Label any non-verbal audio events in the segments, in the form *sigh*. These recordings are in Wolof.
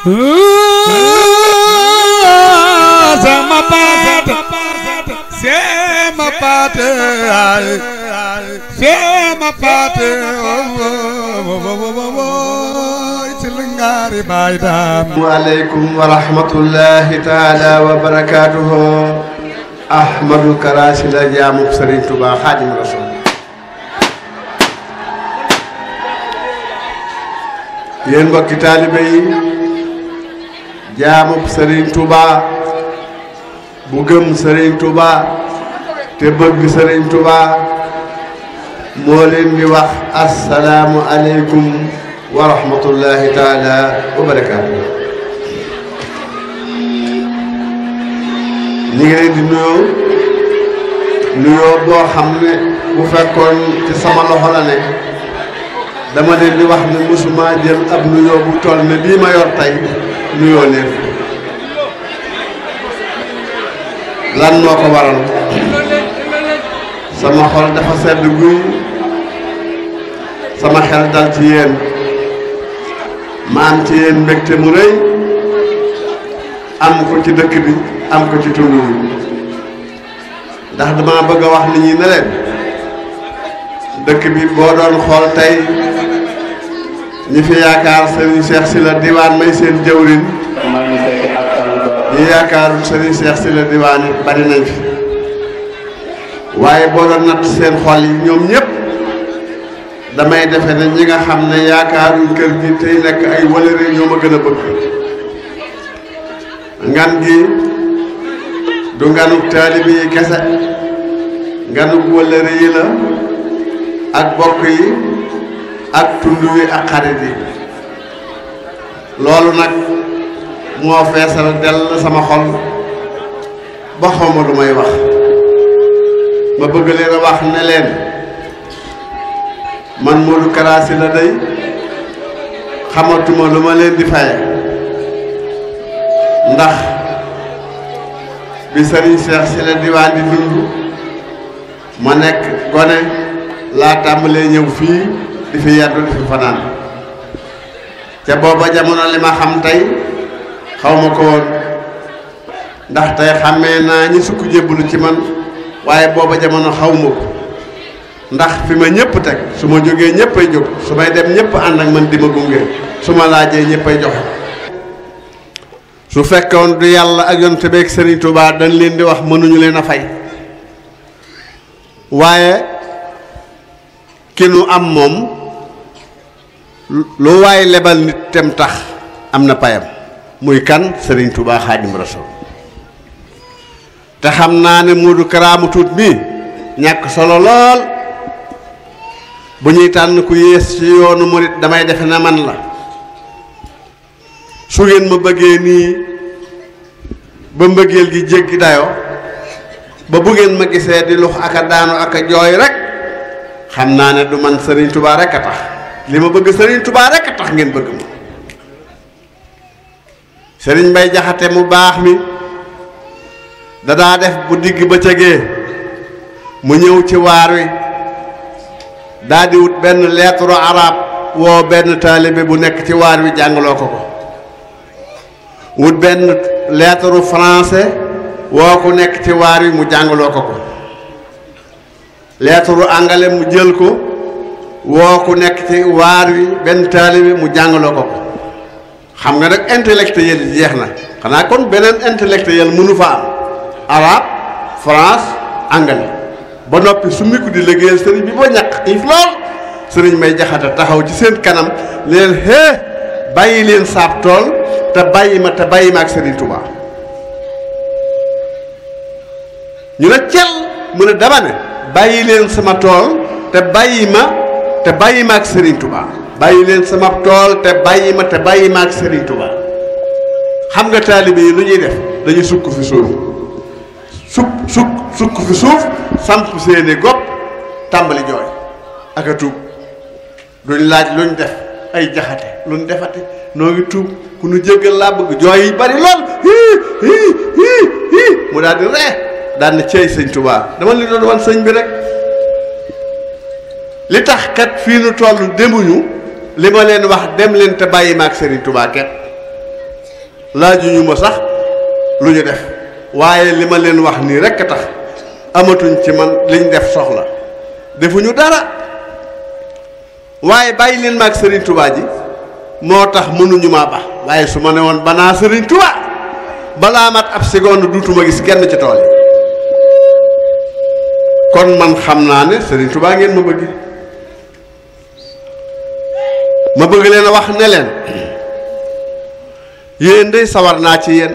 sama paate sama paate paate silngaari baay daam waaleykum wa rahmatullahi taala wa barakaatuhu ahmadul karaasi la jaamu sëriñ Tuubaa xaadim jaamub sëriñ Touba bu gëm sëriñ Touba te bëgg sëriñ Touba moo leen di wax asalaamu aleykum wa rahmatullahi taala wa barakaatu. ñu di nuyoo nuyoo boo xam ne bu fekkoon ci sama loxo la nekk dama leen di wax ne musuma jël ab nuyoo bu toll ne bii ma yor nuyoo leen lan moo ko waral sama xol dafa sedd guy sama xel dal ci yéen ma am ci yéen mbégte mu rëy am ko ci dëkk bi am ko ci tund ndax dama bëgg a wax nit ñi ne dëkk bi boo doon xool tey ñi fi yaakaar Serigne Cheikh Sylla diwaan may seen jëwrin ñi yaakaarul Serigne Cheikh Sylla diwaan yi bari nañ fi waaye boo natt seen xol yi ñoom ñëpp damay defe ne ñi nga xam ne yaakaaruñ kër gi tey nekk ay walëre ñoo ma gën a bëgg ngan gi du nganuk taalibe yi kese nganuk walëre yi la ak bokk yi ak tund wi ak xarit yi loolu nag moo feesal dell sama xol ba xaw lu may wax ma bëgg leen a wax ne leen man Modou Kara Sylla la day xamatuma lu ma leen di faye ndax bi Serigne Cheikh Sylla Diwaan di dund ma nekk gone laa tàmbalee ñëw fii di fi yàddu di fi fanaan ca booba jamono lima xam tay xaw ma ko woon ndax tay xamé na ñi sukk jeblu ci man waye booba jamono xaw ko ndax fi ma ñëpp teg su ma jógee ñëppay dem ñepp and ak man dima gungé suma su ñeppay jox su fekkon du yalla ak yonte bek Serigne Touba dañ leen di wax mënuñu leen fay waye am mom lo way lebal nit tem tax amna payam muy kan serigne touba khadim rasoul ta xamna ne modou karam tout mi ñak solo lol bu ñuy tan ku yes ci yoonu mourid damay def na man la su ngeen ma bëgge ni ba mbëggeel gi jéggi dayo ba bu ngeen ma gisee di lux ak daanu ak rek xam naa ne du man serigne touba rek a tax li ma bëgg sëriñ tubaa rekk tax ngeen bëgg ma sëriñ bay Jaxate mu baax mi dadaa def bu digg bëccëgee mu ñëw ci waar wi daldi wut benn lettre arab woo benn taalibe bu nekk ci waar wi jàngloo ko ko wut benn lettre français woo ku nekk ci waar wi mu jàngloo ko ko lettre angale mu jël ko wo ku nek ci war wi ben talib mu jàngaloo ko xam nga nag intellectuel jeexna xana kon benen intellectuel munu fa am arabe France angale ba nopi sumi ko di liggéeyal serigne bi ba ñak if lol serigne may jaxata taxaw ci sen kanam leen he bayi leen sap tol ta bàyyi ma te bàyyi ma ak serigne touba ñu la cel mu ne dama ne bayi leen sama tol te bayima ma te bàyyi ma ak Serigne Touba bàyyi leen sama tool te bàyyi ma te bàyyi ma ak Serigne Touba xam nga taalibe yi lu ñuy def dañuy sukk fi suuf sukk sukk sukk fi suuf samp seeni gopp tàmbali jooy ak a tuub duñ laaj luñ def ay jaxate luñ defate noo ngi tuub ku nu jéggal laa bëgg jooy yi bari lool hii hii hii mu daal di ree daan na ceey sëñ Touba dama li doon wan sëñ bi rek li tax kat fii nu toll demuñu li ma leen wax dem leen te bàyyi maag Serigne Touba kat laajuñu ma sax lu ñu def waaye li ma leen wax nii rekk a tax amatuñ ci man liñ def soxla defuñu dara waaye bàyyi leen maag Serigne tubaa ji moo tax mënuñu maa ba waaye su ma ne woon banaa Serigne Touba balaa mat ab seconde duutuma gis kenn ci tool yi kon man xam naa ne sëriñ tubaa ngeen ma bëgg. ma bëgg leen a wax ne leen yéen de sawar naa ci yéen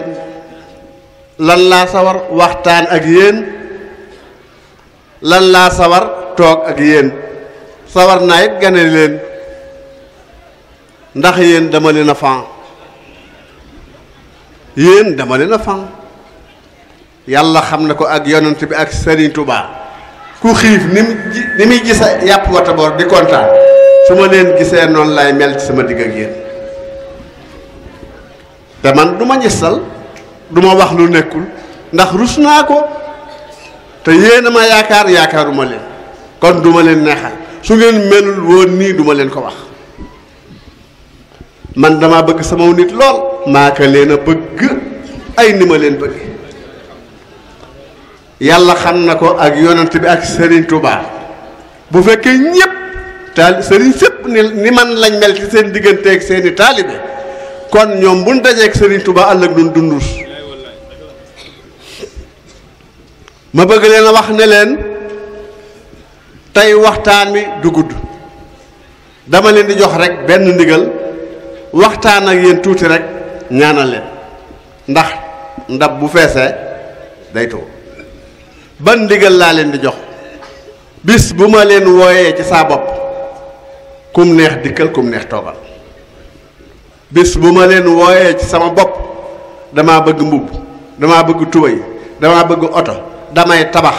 lan laa sawar waxtaan ak yéen lan laa sawar toog ak yéen sawar naa it gane leen ndax yéen dama leen a fan yéen dama leen a fan yàlla xam ne ko ak yonent bi ak Serigne Touba ku xiif ni mu ni muy gis a yàpp wataboor di kontaan su ma leen gisee noonu lay mel ci sama digg ak yéen te man du ma ñesal du ma wax lu nekkul ndax rus naa ko te yéen ma yaakaar yaakaaruma leen kon du ma leen neexal su ngeen melul woon nii du ma leen ko wax man dama bëgg sama nit lool maa ka leen a bëgg ay ni ma leen bëgg yàlla xam na ko ak yonent bi ak Serigne Touba bu fekkee ñëpp taal sëriñ sëpp ni ni man lañ mel ci seen digganteeg seeni taalibe kon ñoom buñ dajeeg sëriñ Tuubaa àll ak duñ dundul ma bëgg leen a wax ne leen tey waxtaan wi du gudd dama leen di jox rekk benn ndigal waxtaan ak yéen tuuti rek ñaanal leen ndax ndab bu feesee day too ban ndigal laa leen di jox bis bu ma leen wooyee ci saa bopp kum neex dikkal kum neex toogal bis bu ma leen wooyee ci sama bopp damaa bëgg mbubb damaa bëgg tubay damaa bëgg oto damay tabax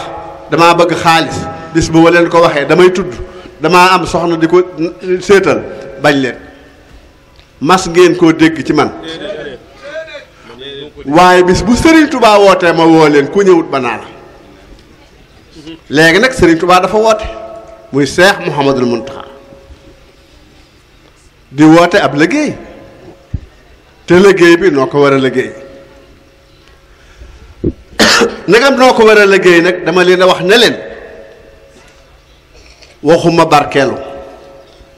damaa bëgg xaalis bis bu ma leen ko waxee damay tudd damaa am soxna di ko séetal bañ leen mas ngeen koo dégg ci man waaye bis bu Serigne Touba wootee ma woo leen ku ñëwut ba naa léegi nag Serigne Touba dafa woote muy Cheikh Mouhamadul Mountakha di woote ab liggéey te liggéey bi noo ko war a liggéey *coughs* nagam noo ko war a liggéey nag dama leen a wax ne leen waxuma barkeelu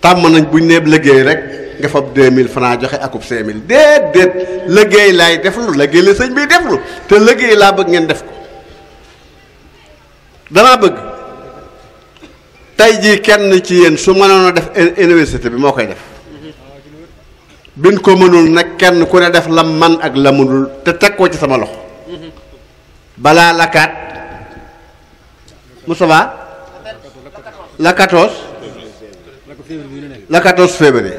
tàmm nañ buñ neeb liggéey rek nga fab deux mille francs joxe akub cinq mille déet déet liggéey laay deflu liggéey la sëñ bi deflu te liggéey laa bëgg ngeen def ko dama bëgg tey jii kenn ci yéen su mënoon a def université bi moo koy def bin ko mënul nag kenn ku ne def la man ak la mënul te teg koo ci sama loxo balaa la quatre Moustapha la quatorze la quatorze février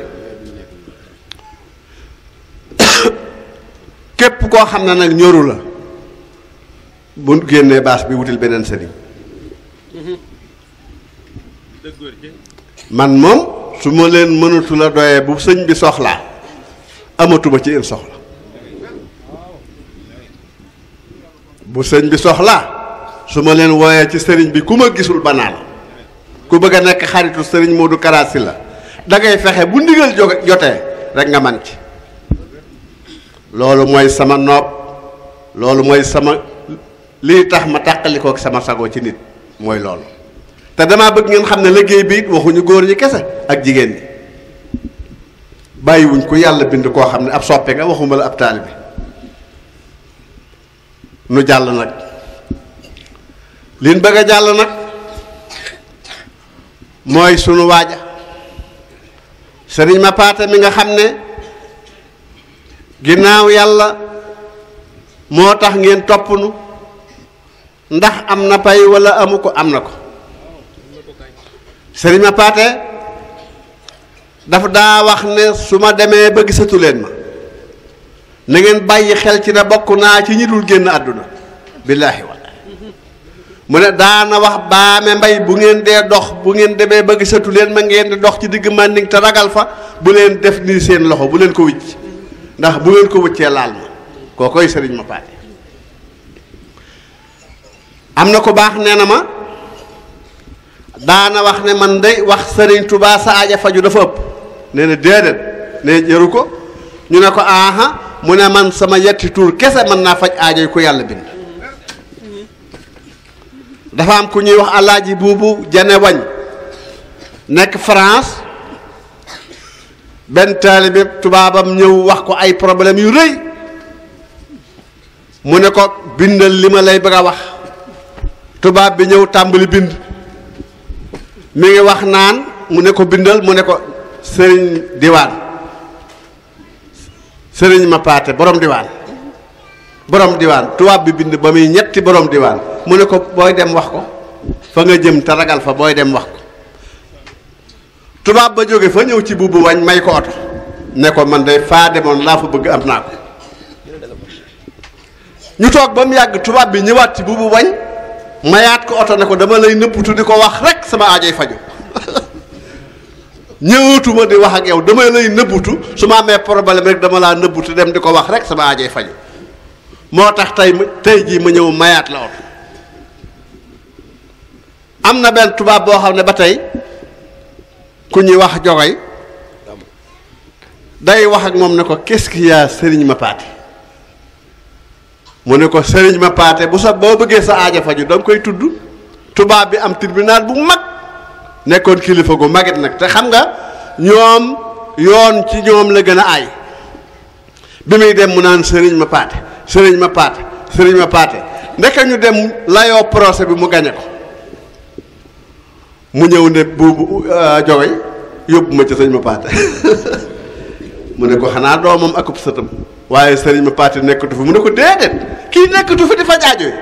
*coughs* képp koo xam na nag ñoru la bu génnee baas bi wutil beneen sëriñ man moom su ma leen mënatu la doyee bu sëñ bi soxlaa amatuma ci yéen soxla bu sëñ bi soxla su ma leen wooyee ci sëriñ bi ku ma gisul banaa la ku bëgg a nekk xaritu sëriñ Modou Kara Sylla da ngay fexe bu ndigal jotee rek nga man ci loolu mooy sama noob loolu mooy sama lii tax ma tàqalikook sama sago ci nit mooy loolu te damaa bëgg ngeen xam ne liggéey bi waxuñu góor ñi kese ak jigéen ñi bàyyiwuñ ko yàlla bind koo xam ne ab soppe nga waxuma la ab bi nu jàll nag lin bëgg a jàll nag mooy sunu waaja sëriñ ma paate mi nga xam ne ginnaaw yàlla moo tax ngeen topp ndax am na pay wala amu ko am na ko sëriñ ma paate dafa daa wax ne su ma demee ba gisatu leen ma na ngeen bàyyi xel ci na bokk naa ci ñi dul génn àdduna billaahi wallaahi mu ne daana wax baame mbay bu ngeen dee dox bu ngeen demee ba gisatu leen ma ngeen di dox ci digg mànding te ragal fa bu leen def nii seen loxo bu leen ko wicc ndax bu ngeen ko wëccee laal ma koo koy sëriñ ma paate am na ko baax nee na ma daana wax ne man dey wax sëriñ tubaab sa aaja faju dafa ëpp nee na déedéet nee jëru ko ñu ne ko aha mu ne man sama yetti tuur kese mën naa faj aajoy ku yàlla bind dafa am ku ñuy wax alaaji buubu jene wañ nekk France benn taalibe tubaabam ñëw wax ko ay problème yu rëy mu ne ko bindal li ma lay bëgg a wax tubaab bi ñëw tàmbali bind mi ngi wax naan mu ne ko bindal mu ne ko sëriñ diwaan sëriñ ma paate borom diwaan borom diwaan tubaab bi bind ba muy ñetti borom diwaan mu ne ko booy dem wax ko fa nga jëm te ragal fa booy dem wax ko tubaab ba jóge fa ñëw ci buubu wañ may ko oto ne ko man de faa demoon laa fa bëgg am naa ko ñu toog ba mu yàgg tubaab bi ñëwaat ci buubu wañ mayaat ko oto ne ko dama lay nëpptu di ko wax rek sama aajoy faju *laughs* ñëwatuma di wax ak yow damay lay nëbbutu su ma amee problème rek dama laa nëbbutu dem di ko wax rek sama ajee faju moo tax tey tey jii ma ñëw mayaat la oto am na benn tubaab boo xam ne ba tey ku ñuy wax jogoy day wax ak moom ne ko qu'est-ce qu'il sëriñ ma paate mu ne ko sëriñ ma paate bu sa boo bëggee sa aaja faju da nga koy tudd tubaab bi am tribunal bu mag nekkoon kilifa gu màgget nag te xam nga ñoom yoon ci ñoom la gën a ay bi muy dem mu naan sëriñ ma paate sëriñ ma paate sëriñ ma paate ndeke ñu dem layoo procès bi mu gañe ko mu ñëw ne buubu euh, jowe yóbbu ma ci sëriñ ma paate *laughs* mu ne ko xanaa doomam akub sëtam waaye sëriñ ma paate nekkatu fi mu ne ko déedéet kii nekkatu fi di fa jaajo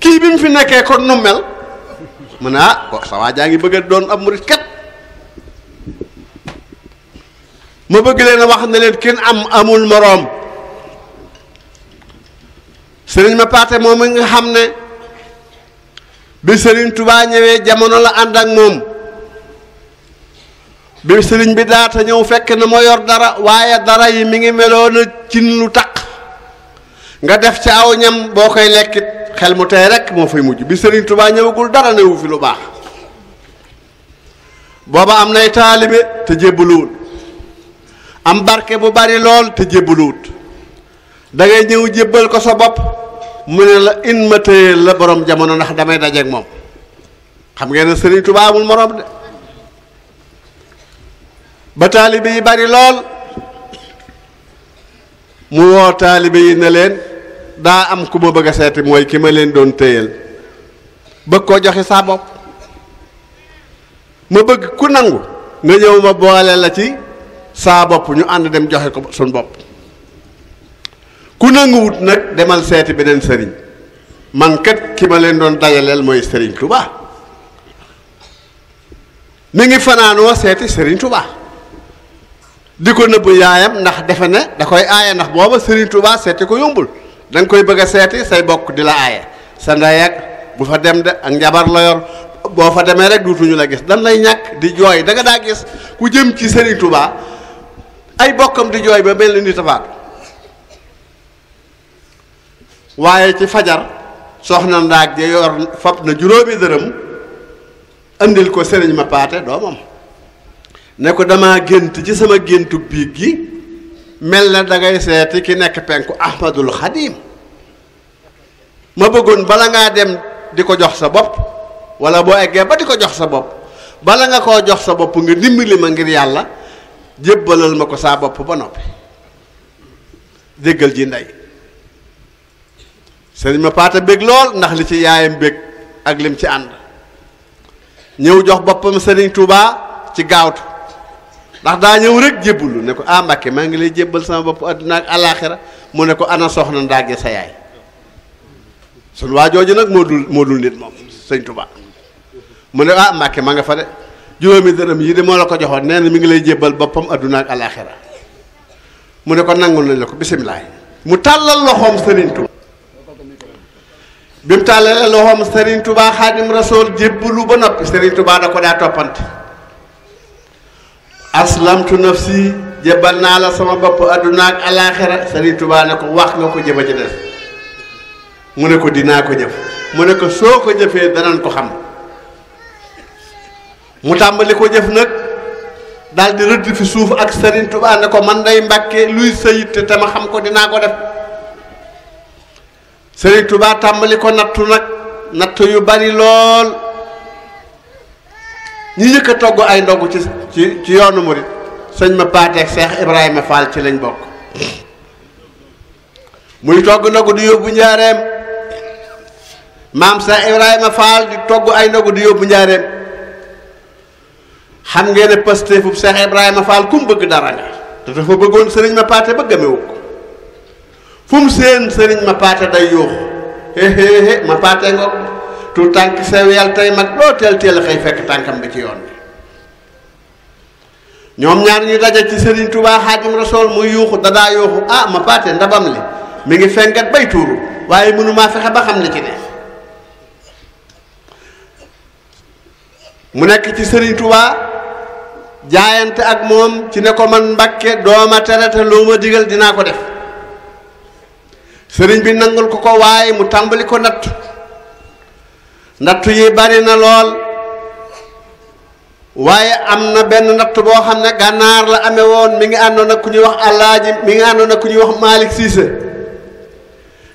kii bi mu fi nekkee ko nu mu a ah jaa ngi bëgg doon am murit kat ma bëgg leen a wax ne leen kenn am amul moroom sëriñ ma paate moom mi nga xam ne bi sëriñ Touba ñëwee jamono la ànd ak moom bi sëriñ bi daata ñëw fekk na moo yor dara waaye dara yi mi ngi meloon na cin lu taq nga def ca aw ñam boo koy lekkit xel mu tey rek moo fay mujj bi Serigne Touba ñëwagul dara newu fi lu baax booba am nay taalibe te jébbaluwut am barke bu bari lool te jébbaluwut da ngay ñëw jébbal ko sa bopp mu ne la in ma téyeel la borom jamono ndax damay dajeeg moom xam ngeen ne Serigne Touba amul morom de ba taalibe yi bari lool mu woo taalibe yi ne leen. daa am ku ma bëgg a seeti mooy ki ma leen doon téyal bëgg koo joxe saa bopp ma bëgg ku nangu nga ñëw ma boole la ci saa bopp ñu ànd dem joxe ko suñ bopp ku nanguwut nag demal seeti beneen sëriñ man kat ki ma leen doon dajaleel mooy sëriñ Touba mi ngi fanaanoo seeti sëriñ Touba di ko nëbb yaayam ndax defe ne da koy aaye ndax booba sëriñ Touba seeti ko yombul da koy bëgg a seeti say bokk di la aaye sa ndey bu fa dem de ak njabar la boo fa demee rek duutuñu la gis dan lay ñàkk di jooy da daa gis ku jëm ci Serigne Touba ay bokkam di jooy ba mel ni nit waaye ci fajar soxna ndaag ja yor fab na juróomi dërëm indil ko sëriñ ma paate doomam ne ko dama gént ci sama géntu biig gi mel na da ngay seeti ki nekk penku ahmadul xadim ma bëggoon bala ngaa dem di ko jox sa bopp walla boo eggee ba di ko jox sa bopp bala nga koo jox sa bopp ngi dimbali ma ngir yàlla jébbalal ma ko saa bopp ba noppi déggal ji ndey sëriñ ma paata bég lool ndax li ci yaayam bég ak lim ci ànd ñëw jox boppam sëriñ tubaa ci gaawtu ndax daa ñëw rek jébbalu ne ko ah Mbàkke maa ngi lay jébbal sama bopp adduna ak alaaxira mu ne ko ana soxna ndaage sa yaay sun waa jooju nag moo dul moo dul nit moom sëñ Tuubaa mu ne ah Mbàkke maa ngi fa de juróomi dërëm yi de moo la ko joxoon nee na mi ngi lay jébbal boppam adduna ak alaaxira mu ne ko nangul nañ la ko bisimilah mu tàllal loxoom sëriñ Tuubaa bi mu tàllalee loxoom sëriñ Tuubaa Xaadim Rasuul jébbalu ba noppi sëriñ Tuubaa da ko daa toppante aslamtu nafsi jébbal naa la sama bopp àdduna ak alaaxira Sëriñ Tuubaa ne ko wax nga ko jëfa ci des mu ne ko dinaa ko jëf mu ne ko soo ko jëfee danañ ko xam mu tàmbali ko jëf nag daldi di rëdd fi suuf ak Sëriñ Tuubaa ne ko man dey mbàkke luy sa yitte te ma xam ko dinaa ko def Sëriñ tàmbali ko nattu nag natt yu bari lool ñi njëkk a togg ay ndogg ci ci yoonu murit sëñ ma paateeg Seex Ibrahima Fall ci lañ bokk muy togg ndogu di yóbbu njaareem maam Seex Ibrahima Fall di togg ay ndogu di yóbbu njaareem xam ngeen ne pastéefub Seex Ibrahima Fall ku mu bëgg dara nga te dafa bëggoon sëriñ ma paate ba gëmewu ko fu mu seen sëriñ ma paate day yuux hé ma paate ngoog tout tànk sew yàlla mag loo teel teel a xëy fekk tànkam bi ci yoon bi ñoom ñaar ñu daje ci Serigne Touba Xaadim Rasool muy yuuxu dadaa yuuxu ah ma paate ndabam li mi ngi fengat bay tuuru waaye mënumaa fexe ba xam li ci ne mu nekk ci Serigne Touba. jaayante ak moom ci ne ko man Mbàkke dooma terete loo ma digal dinaa ko def sëriñ bi nangul ko ko waaye mu tàmbali ko natt nattu yi bari na lool waaye am na benn nattu boo xam ne gànnaar la ame woon mi ngi àndoon ak ku ñuy wax alaaji mi ngi àndoon ak ku ñuy wax maalik siise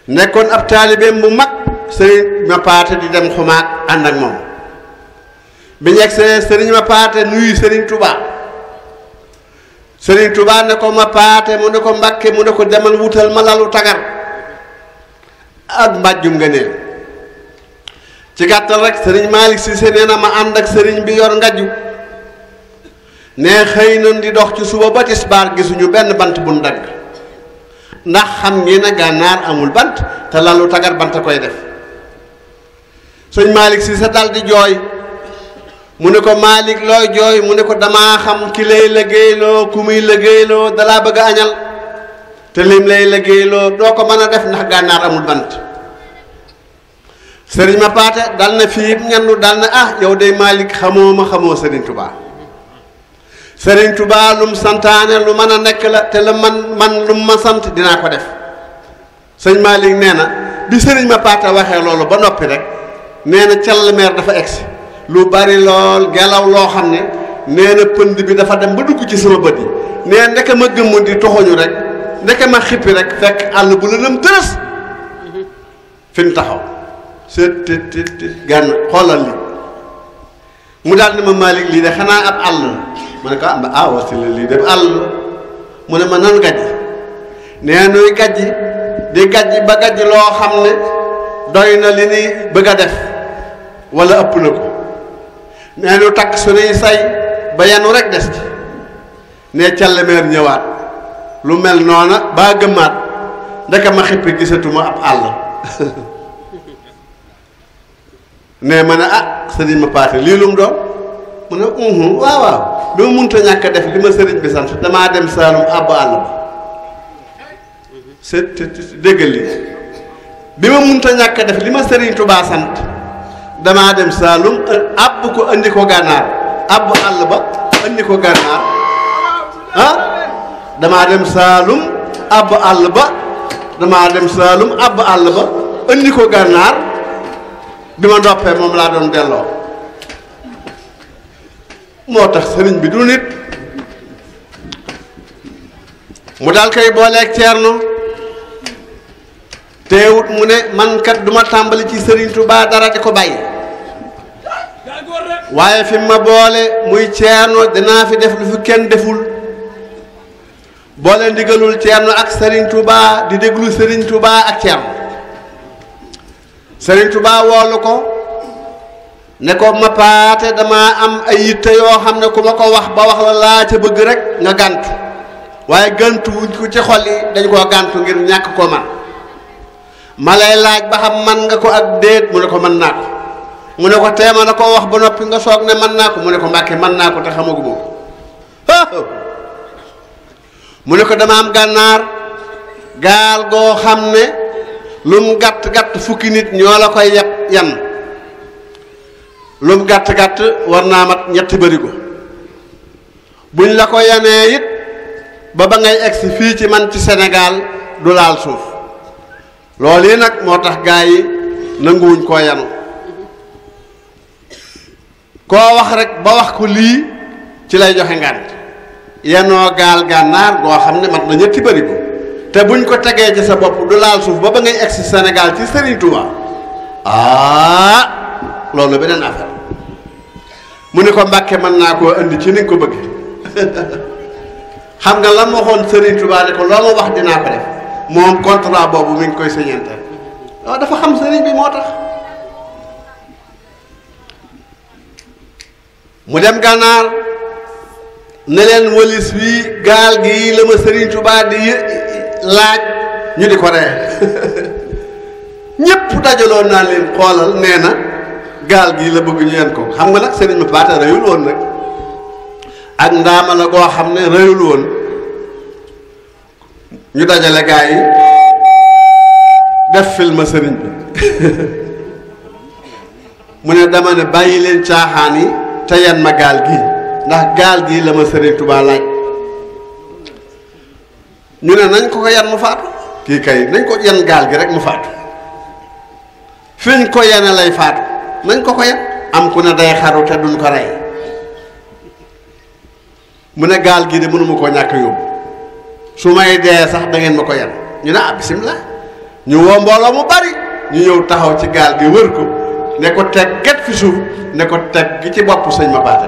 nekkoon ab taalibeem bu mag sëriñ ma paate di dem xumaa ànd ak moom bi ñeg see sëriñ ma paate nuyu sëriñ tuba sëriñ tuba ne ko ma paate mu ne ko mbakke mu ne ko demal wutal ma lalu tagar ak mbàjjum nga neel ci gàttal rek sëriñ Malick Cissé nee na ma ànd ak sëriñ bi yor ngaju ne xëy nañ di dox ci suba ba tisbaar gisuñu benn bant bu ndagg ndax xam ngeen ne gànnaar amul bant te lalu tagar bant koy def sëñ Malick Cissé dal di jooy mu ne ko malik looy jooy mu ne ko damaa xam ki lay liggéeyloo ku muy liggéeyloo dalaa bëgg a añal te lim lay liggéeyloo doo ko mën a def ndax gànnaar amul bant sëriñ ma paate dal na fii ñandu dal na ah yow day Malick xamoo ma xamoo sëriñ Touba sëriñ Touba lum santaane lu mën a nekk la te la man man lum ma sant dinaa ko def sëñ Malick nee na bi sëriñ ma paate waxee loolu ba noppi rek nee na calmeer dafa egsi lu bari lool gelaw loo xam ne nee na pënd bi dafa dem ba dugg ci sama bët yi nee ndeke ma gëmm di toxoñu rek ndeke ma xippi rek àll bu lëndëm tërës fi mu taxaw seet te te te gànn xoolal li mu daal ne ma Malick lii de xanaa ab àll la ma ah, ah, lii def àll mu ne ma nan gàjji nee nuy gàjji di gàjji ba gàjji loo xam ne doy na li nuy bëgg a def wala ëpp na ko nee nu takk suñuy say ba yenu rek des ci ne callemeer ñëwaat lu mel noona baa gëmmaat ndeke ma xippi gisatuma ab àll *laughs* ne ma ne ah sëriñ ma paate lii lu mu doon mu ne uhum waaw waaw lu mu munta ñàkk a def li ma sëriñ bi sant damaa dem Saalum àbb àll ba c'est déggal li bi ma munta ñàkk a def li ma sëriñ Tubaa sant damaa dem Saalum àbb ko andi ko gànnaar àbb àll ba andi ko gànnaar ah damaa dem Saalum àbb àll ba damaa dem Saalum àbb àll ba andi ko gànnaar bi ma noppee moom laa doon delloo moo tax sëriñ bi du nit mu dal koy booleeg ceerno teewut mu ne man kat du ma tàmbali ci sëriñ Tuubaa dara di ko bàyyi waaye fi ma boole muy ceerno dinaa fi def lu fi kenn deful boole ndigalul ceerno ak sëriñ Tuubaa di déglu sëriñ Tuubaa ak ceerno sëriñ Tuubaa woolu ko ne ko ma dama am ay yitte yoo xam ne ku ma ko wax ba wax la laa ca bëgg rek nga gàntu waaye gàntu wuñ ko ci xol yi dañ koo gàntu ngir ñàkk ko man ma lay laaj ba xam man nga ko ak déet mu ne ko mën naa ko mu ne ko teema na koo wax ba noppi nga soog ne mën naa ko mu ne ko mbàkke mën naa ko te xamaguma ko mu ne ko dama am gànnaar gaal goo xam ne lum gatt gatt fukki nit ñoo la koy yan lum gatt gatt war mat ñetti ko buñ la ko yanee it ba ba ngay ex fi ci man ci senegal du laal suuf loolu nak motax gaay tax gaa yi yanu ko wax rek ba wax ko li ci lay joxe ngant yano gal ganar go xamne mat na ñetti ko te buñ ko tegee ci sa bop du laal suuf ba ba ngay exi Sénégal ci Serigne Touba ah lolu benen affaire mu ne ko Mbàkke man na ko andi ci ni ko bëgg *laughs* xam nga lan ma waxoon Serigne Touba ne ko lolu wax dina ko def mom contrat bobu mi ngi koy sëñante dafa xam Serigne bi motax mu dem ganar ne walis wi gal gi lama Serigne Touba di laaj ñu di ko ree ñépp dajaloo naa leen xoolal nee na gaal gi la bëgg ñu leen ko xam nga nag sëriñ ma paata rëyul woon nag ak ndaama goo xam ne rëyul woon ñu dajale gaa yi def film sëriñ bi *laughs* mu ne dama ne bàyyi leen caaxaan yi te yan ma gaal gi ndax gaal gi la ma sëriñ Tuubaa laaj ñu ne nañ ko ko yan mu faatu kii kay nañ ko yan gaal gi rek mu faatu fiñ ko yene lay faatu nañ ko ko yan am ku ne day xaru te duñ ko rey mu ne gaal gi de mënuma ko ñàkk yóbbu su may dee sax da ngeen ma ko yan ñu ne ah bisimilah ñu woo mbooloo mu bari ñu ñëw taxaw ci gaal gi wër ko ne ko teg gët fi suuf ne ko teg gi ci bopp sëñ ma baata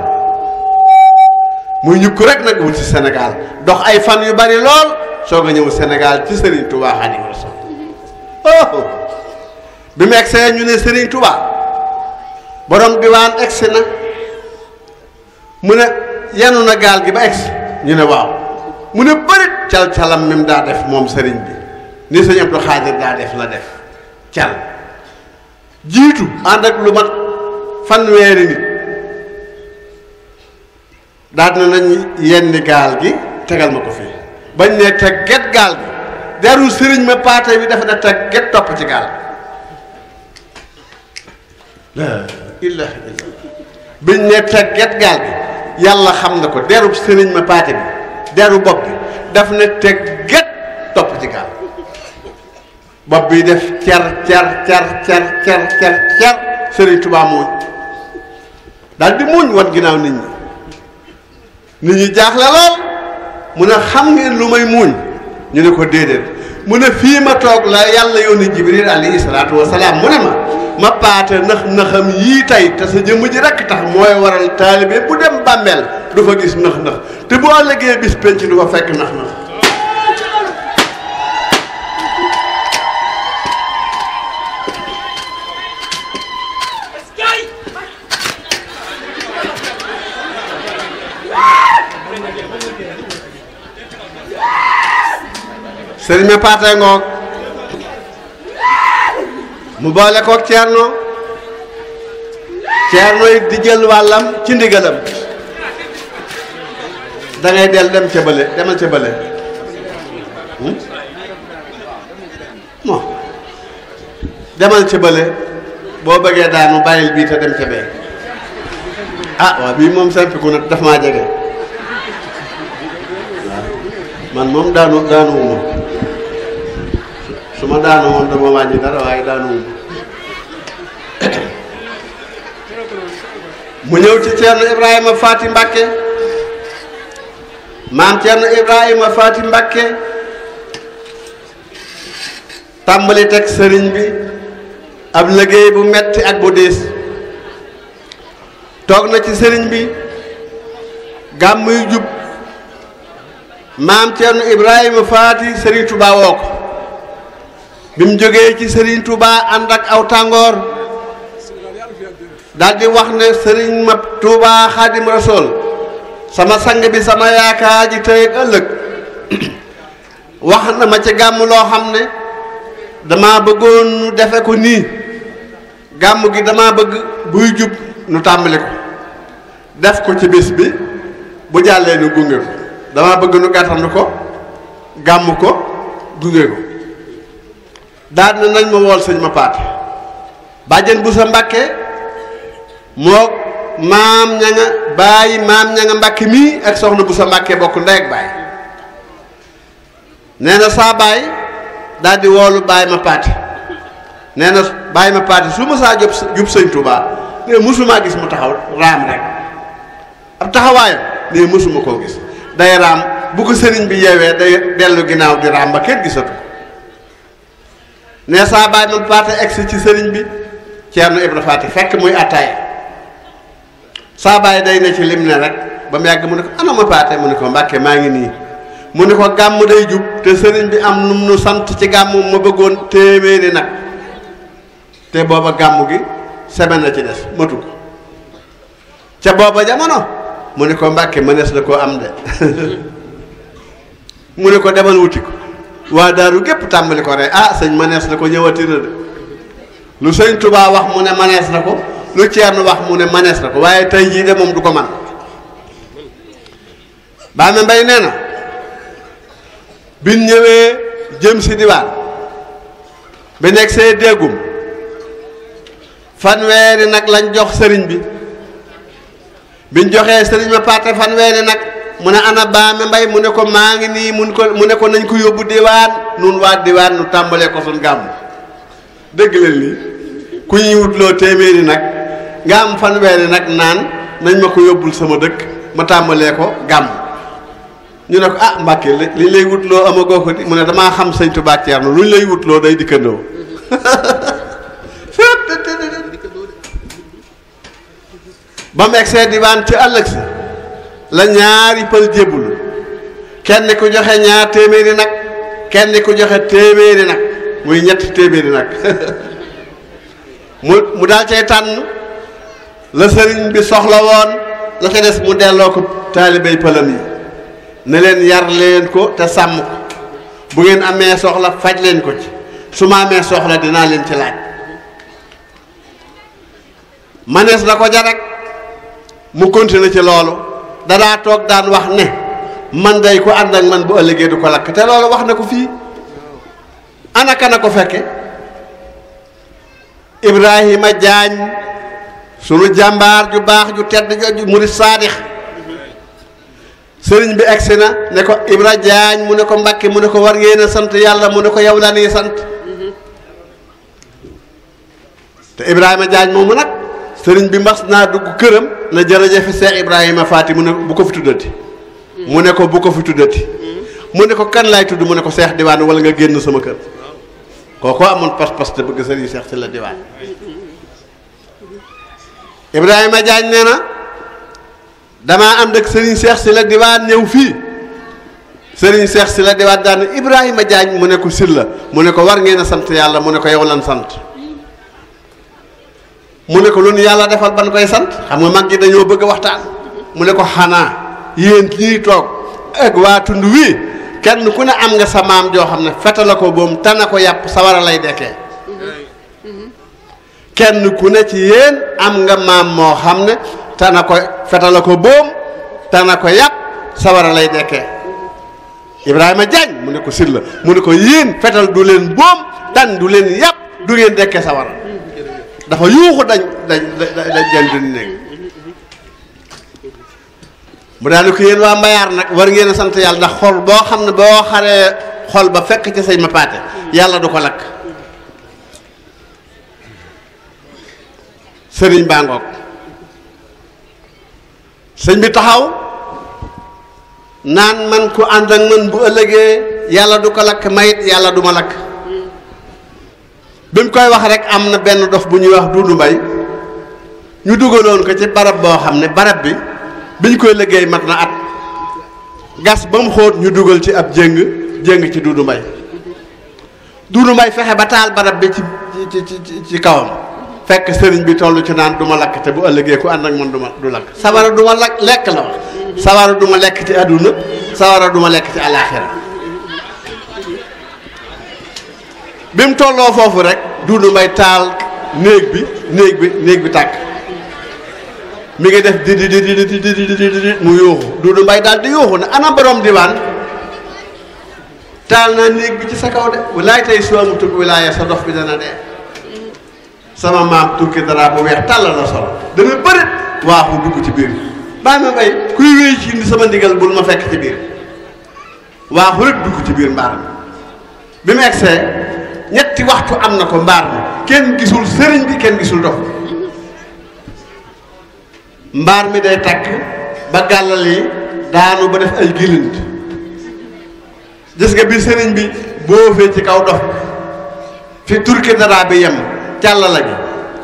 muy ñukku rek nag wul ci sénégal dox ay fan yu bari lool soog a ñëw senegaal ci sëriñ Touba Xaadimu Rasuul oh! bi mu egsee ñu ne Serigne Touba borom diwaan egsi na mu ne yenu na gaal gi ba egsi ñu ne waaw mu ne bëri cal calam mi mu daa def moom sëriñ bi ni Sëñ Abdou Xaadir daa def la def cal jiitu ànd ak lu mat fanweeri nit daal nañ yenn gaal gi tegal ma ko fii bañ ne te get gaal gi deru sëriñ ma paate bi dafa ne te get topp ci gaal gi la ne te get gaal gi yàlla xam na ko deru sëriñ ma paate bi deru bopp bi daf ne te get topp ci gaal bopp bi def cer cer cer cer cer sëriñ Tuubaa mooñ daal di muñ wan ginnaaw nit ñi nit ñi jaaxle lool Muna hamil xam ngeen lu may muuñ ñu ne ko dedet muna fi ma tok la yalla yónni jibril alayhi salatu wassalam muna ma ma paate nax naxam yi tay ta sa jëm ji rek tax moy waral talibé bu dem bammel du fa gis nax nax te bu allegé bis penc du fa fekk nax nax sëriñ ma paate ngoog mu boole koog ceerno ceerno it di jël wàllam ci ndigalam da ngay dem ca bële demal ca bële hmm? bon demal ca bële boo bëggee daanu bàyyil bii te dem ca bee ah waaw bii moom simpiku nag daf maa jege waaw man moom daanu daanu su ma daanu moom dama wàññi dara waaye daanu wu mu ñëw ci Ceerno Ibrahima Faati Mbàkke maam Ceerno Ibrahima Faati Mbàkke tàmbali teg sëriñ bi ab liggéey bu metti ak bu diis toog na ci sëriñ bi gàmm yu jub maam Ceerno Ibrahima Faati Sëriñ Tuubaa ko bi mu jógee ci sëriñ Touba ànd ak aw tàngoor daldi wax ne Serigne ma Touba Xaadim Rasool sama sang bi sama yaakaar ji tey ëllëg *clears throat* wax na ma ci gàmm loo xam ne dama bëggoon nu defe ko nii gàmm gi dama bëgg buy jub nu tàmbali ko def ko ci bis bi bu jàllee nu gunge ko dama bëgg nu gàttandu ko gàmm ko gunge ko daal na nañ ma wool sëñ ma paate bàjjen bu sa mbàkke moo maam ña nga bàyyi maam ña nga mbàkke mii ak soxna bu sa mbàkke bokk ndey ak baay nee na saa baay daal woolu bàyyi ma paate nee na bàyyi ma paate su ma saa jub jub sëñ Tuubaa ne gis mu taxaw raam rek ab taxawaayam ne mësuma koo gis day raam bu ko sëriñ bi yeewee day dellu ginnaaw di raam ba kenn gisatu ne saa bàyyi man paate egsi ci sëriñ bi Ceerno Ibra Faati fekk muy attaaya saa bàyyi day ne ci lim ne rek ba mu yàgg mu ne ko ana ma paate mu ne ko mbàkke maa ngi nii mu ne ko gàmm day sëriñ bi am sant ci gàmm ma bëggoon nag te booba gàmm gi semaine la ci des matul ca booba jamono mu ne ko mbàkke mënees la koo am de *laughs* mu ne ko demal wuti ko waa daaru gépp tàmbali ko rek ah sëñ manees na ko ñëwati na de lu sëñ Touba wax mu ne manees na ko lu Ceerno wax mu ne manees na ko waaye tey jii de moom du ko man Baame Mbay nee na bin ñëwee jëm si diwaan bi nekk see déggum fanweeri nag lañ jox sëriñ bi biñ joxee sëriñ ma paate fanweeri nag mu ne ana baame mbay mu ne ko maa ngi nii mun ko mu ne ko nañ ko yóbbu diwaan nun waa diwaan nu tàmbalee ko suñ gàmm dégg leen lii ku ñuy wutloo téeméeri nag nga am fanweeri nag naan nañ ma ko yóbbul sama dëkk ma tàmbalee ko gàmm ñu ne ko ah Mbàkke li lay wutloo amagoo ko di mu ne damaa xam sëñ Tuubaa Ceerno lu ñu lay wutloo day dikkandoo *laughs* ba mu egsee diwaan ci ëllëg si la ñaari pël jébbul kenn ku joxe ñaar téeméeri nag kenn ku joxe téeméeri nag muy ñett téeméeri nag *laughs* mu mu daal cay tànn la sëriñ bi soxla woon la ca des mu delloo ko taalibey pëlam yi ne leen yar leen ko te sàmm ko bu ngeen amee soxla faj leen ko ci su ma amee soxla dinaa leen ci laaj manees na ko ja rek mu continuer ci loolu danaa toog daan wax ne man day ko ànd ak man bu ëllëgee du ko lakk te loolu wax na ko fii ana kana ko fekke Ibrahima Jaañ sunu jàmbaar ju baax ju tedd ju murit saadix sëriñ bi egsi na ne ko Ibra Jaañ mu ne ko mbakki mu ne ko war ngeen sant yàlla mu ne ko yow la nii sant te Ibrahima Jaañ moomu nag sëriñ bi mbax naa dugg këram na jërëjëf Cheikh Ibrahima Faati mu ne bu ko fi tuddati mu ne ko bu ko fi tuddati mu ne ko kan laay tudd mu ne ko Cheikh Diwaan wala nga génn sama kër kooku amoon pas-pas te bëgg sëriñ Cheikh si la Diwaan Ibrahima Diagne nee na damaa am dëkk sëriñ Cheikh si la Diwaan ñëw fii sëriñ Cheikh si la Diwaan daan Ibrahima jaañ mu ne ko Sylla mu ne ko war ngeen a sant yàlla mu ne ko yow lan sant. mu ne ko lu nu yàlla defal ban koy sant xam nga mag gi dañoo bëgg waxtaan mu ne ko xana yéen ñii toog ak waa tund wii kenn ku ne am nga sa maam joo xam ne fete la ko boom tana ko yàpp sawara lay dekkee kenn ku ne ci yéen am nga maam moo xam ne tana ko fete la ko boom sawara lay dekkee Ibrahima Diagne mu ne ko sit la mu ne ko yéen fetal du leen boom tan du leen yàpp du ngeen dekkee sawara dafa yuuxu dañ dañ dañ dañ du nekk mu daal di ko yéen waa mbayaar nag war ngeen a sant yàlla ndax xol boo xam ne boo xaree xol ba fekk ci sëñ ma paate yàlla du ko lakk sëriñ sëñ bi taxaw naan man ku ànd ak man bu ëllëgee yàlla du ko lakk mayit yàlla du ma lakk bi mu koy wax rek am na benn dof bu ñuy wax Dudu Mbay ñu dugaloon ko ci barab boo xam ne barab bi biñ koy liggéey mat na at gas ba mu xóot ñu dugal ci ab jéng jéng ci Dudu Mbay Dudu Mbay fexe ba taal barab bi ci ci ci kawam fekk sëriñ bi toll ci naan du ma lakk te bu ëllëgee ku ànd ak man du ma du lakk sawara du ma lakk lekk la wax sawara du ma lekk ci àdduna sawara duma ma lekk ci alaaxira bi mu tolloo foofu rek duudu may taal néeg bi néeg bi néeg bi tàkk mi ngi def di di di di di di mu yuuxu duudu mbay daal di yuuxu ne ana borom diwaan taal naa néeg bi ci sa kaw de walaay tey soo amatul wilaaya sa dof bi dana dee sama maam turki dara bu weex tàll sol dana bëri waaxu dugg ci biir mbaa ma bay kuy wéy ci indi sama ndigal bul ma fekk ci biir waaxu rek dugg ci biir mbaar bi mu egsee ñetti waxtu am na ko mbaar mi kenn gisul sëriñ bi kenn gisul dof mbaar mi day takk ba gàllal yi daanu ba def ay gilint gis nga bi sëriñ bi boofee ci kaw dox fi turki dara bi yem càllala bi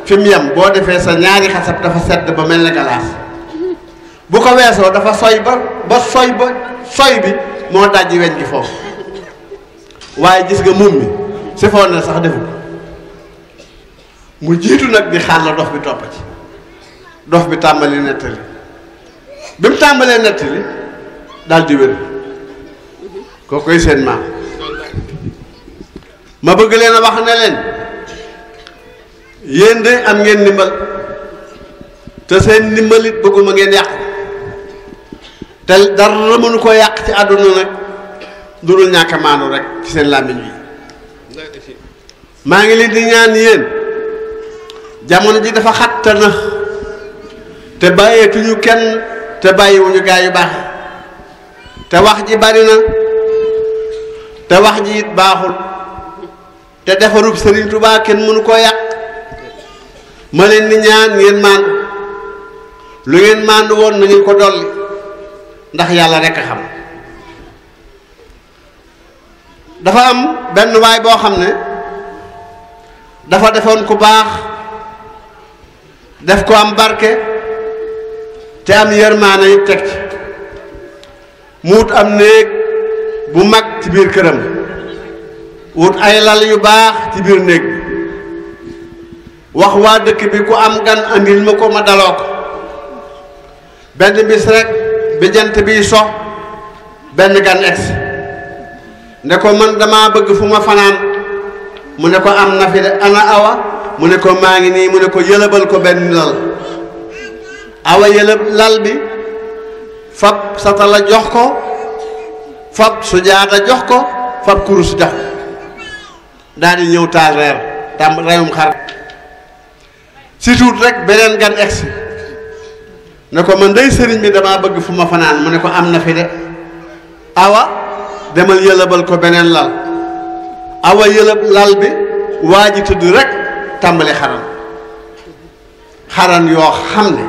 fi yam boo defee sa ñaari xasab dafa sedd ba mel ne galaas bu ko weesoo dafa soy ba soy ba soy bi moo dajji weñ gi foofu waaye gis nga moom mi sifoon na sax defu mu jiitu nag di xaar la dox bi topp ci dox bi tàmbali nettali bi mu tàmbalee nettali daal di wér kookoy seen maam ma bëgg leen a wax ne leen yéen de am ngeen ndimbal te seen ndimbalit bëgguma ngeen yàq te dara mënu ko yàq ci àdduna nag du dul ñàkk maanu rek ci seen làmmiñ wi maa ngi leen di ñaan yéen jamono ji dafa xatta te bàyyeetu ñu kenn te bàyyiwuñu gaa yu baax te wax ji bari na te wax ji it baaxul te defarub Sëriñ Tuubaa kenn mënu koo yàq ma leen di ñaan ngeen maan lu ngeen maandu woon nañu ko dolli ndax yàlla rekk a xam dafa am benn waay boo xam ne dafa defoon ku baax def ko am barke te am yërmaane yi teg ci mu wut am néeg bu mag ci biir këram wut ay lal yu baax ci biir néeg wax waa dëkk bi ku am gan andil ma ko ma daloo ko benn bis rek bi jant biy sox benn gan egsi ne ko man dama bëgg fu ma fanaan mu ne ko am na fi de ana awa mu ne ko maa ngi nii mu ne ko yëlëbal ko benn lal awa yëlëb lal bi fab satala jox ko fab sujaada jox ko fab kurus jox ko di ñëw taal reer tam reyum xar si tuut rek beneen gan egsi ne ko man day sëriñ bi damaa bëgg fu ma fanaan mu ne ko am na fi de awa demal yëlëbal ko beneen lal awa yëlëb lal bi waa ji tëdd rek tàmbali xaran xaran yoo xam ne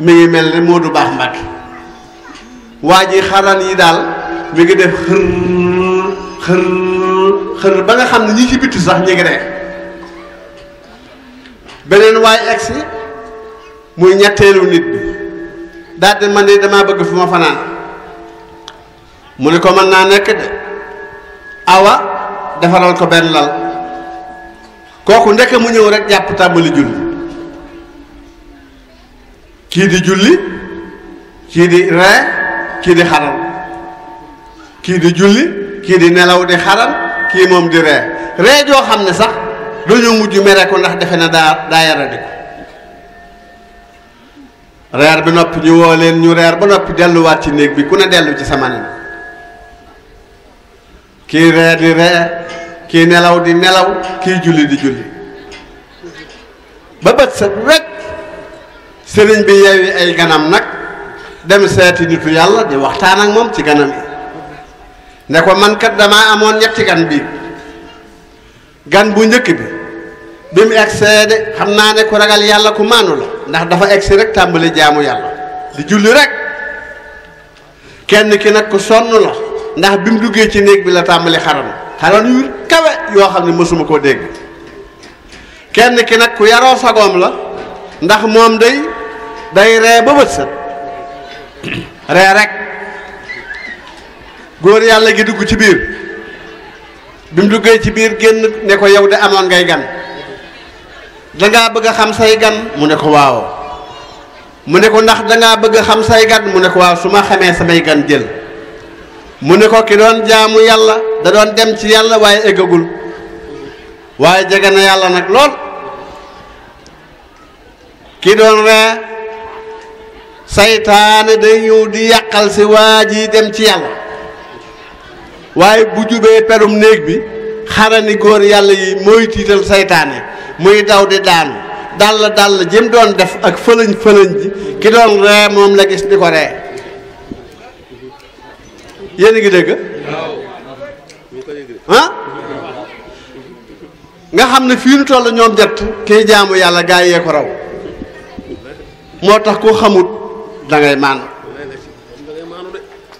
mi ngi mel ni moo du baax mbàkk waa ji xaran yi daal mu ngi def xër xër xër ba nga xam ne ñi ci bitti sax ñu ngi beneen waay egsi muy ñetteelu nit bi daal di man de bëgg fu ma fanaan mu ne ko mën naa nekk de awa defaral ko benn lal kooku ndeke mu ñëw rek jàpp tàmbali julli kii di julli kii di ree kii di xaral kii di julli kii di nelaw di xaral kii moom di ree ree joo xam ne sax dañoo mujj mere ko ndax defe na daa daa yaradi ko reer bi noppi ñu woo leen ñu reer ba noppi delluwaat ci néeg bi ku ne dellu ci sama nen kii ree di ree kii nelaw di nelaw kii julli di julli ba bët set wet sëriñ bi yeewi ay ganam nag dem seeti nitu yàlla di waxtaan ak moom ci ganam yi ne ko man kat damaa amoon ñetti gan bii gan bu njëkk bi bi mu egsee de xam naa ne ku ragal yàlla ku maanu la ndax dafa egsi rek tàmbali jaamu yàlla di julli rekk kenn ki nag ku sonn la ndax bi mu duggee ci néeg bi la tàmbali xaram xaram yu kawe yoo xam ne mësuma koo dégg kenn ki nag ku yaroo sagoom la ndax moom day day ree ba bët set *coughs* ree rek góor yàlla gi dugg ci biir bi mu duggee ci biir génn ne ko yow de amoon ngay gan dangaa bëgg a xam say gan mu ne ko waaw mu ne ko ndax dangaa bëgg a xam say gan mu ne ko waaw su ma xamee samay gan jël mu ne ko ki doon jaamu yàlla da doon dem ci yàlla waaye eggagul waaye jege na yàlla nag lool ki doon ree saytaane day ñëw di yàqal si waa ji dem ci yàlla waaye bu jubee perum néeg bi xarani góor yàlla yi mooy tiital saytaane muy daw di daanu dàll dàll jëm doon def ak fëlëñ fëlëñ ji ki doon ree moom la gis di ko ree yéen a ngi dégg ah nga xam ne fii nu toll ñoom ñett kii jaamu yàlla gaa yee ko raw moo tax xamut da ngay maan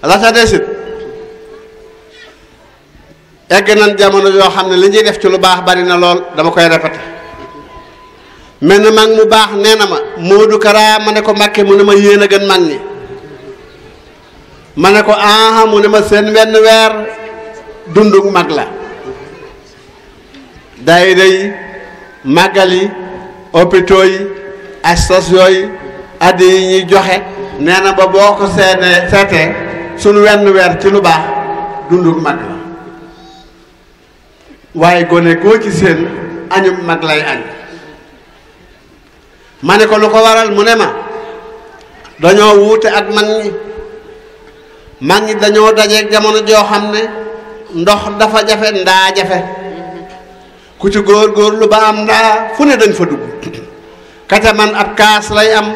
la sa desit egg nañ jamono yoo xam ne li ñuy def ci lu baax bari na lool dama koy répété mel na mag mu baax nee ma Modou Kara ma ko Mbàkke mu ne ma yéen gën mag ma ne ko aha mu ne ma seen wenn weer dundu mag la daayira yi màggal yi hôpitaux yi station yi addi yi ñuy joxe nee na ba boo ko seenee seetee sunu wenn weer ci lu baax dundu mag la waaye gone koo ci seen añum mag lay añ ma ne ko lu ko waral mu ne ma dañoo wuute ak mag ñi Mangi ñi dañoo dajeeg jamono jo xamné ndox dafa jafe nda jafe ku ci lu ba am nda fu ne dañ fa dugg kata man ab kaas lay am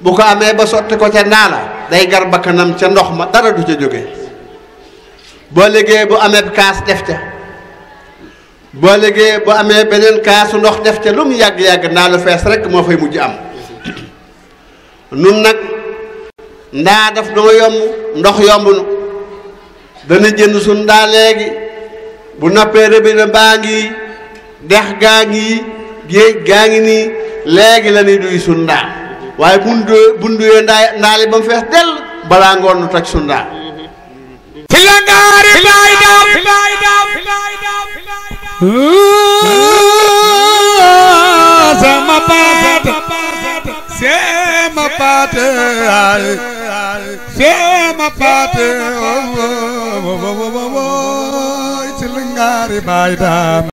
bu ko amé ba sotti ko ci ndala day gar bakanam ci ndox ma dara du ci joggé bo légué bu amee kaas def ca bo légué bu amé benen kaas ndox def ca lu mu yag yàgg lu rek mo fay mujj am *clears throat* nun nak nda def noo yomb ndox yomb nu dana jënd sun da legi bu nappé rebi na bangi dex gaangi ge gaangi ni legi la ni duy sun da waye bundu bundu bun nda ndali bam fex del bala fees dell balaa ngoon nu toj sun ndaa filandaari filaydam filaydam filaydam sama paate sama paate Sema pate o o o o o o o